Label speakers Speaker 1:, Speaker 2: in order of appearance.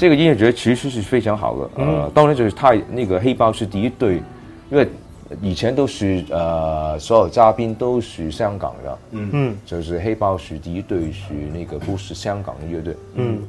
Speaker 1: 這個音樂節其實是非常好的，呃，當然就是他那個黑豹是第一隊，因為以前都是呃，所有嘉賓都是香港的。嗯，就是黑豹是第一隊，是那個不是香港的樂隊，嗯。嗯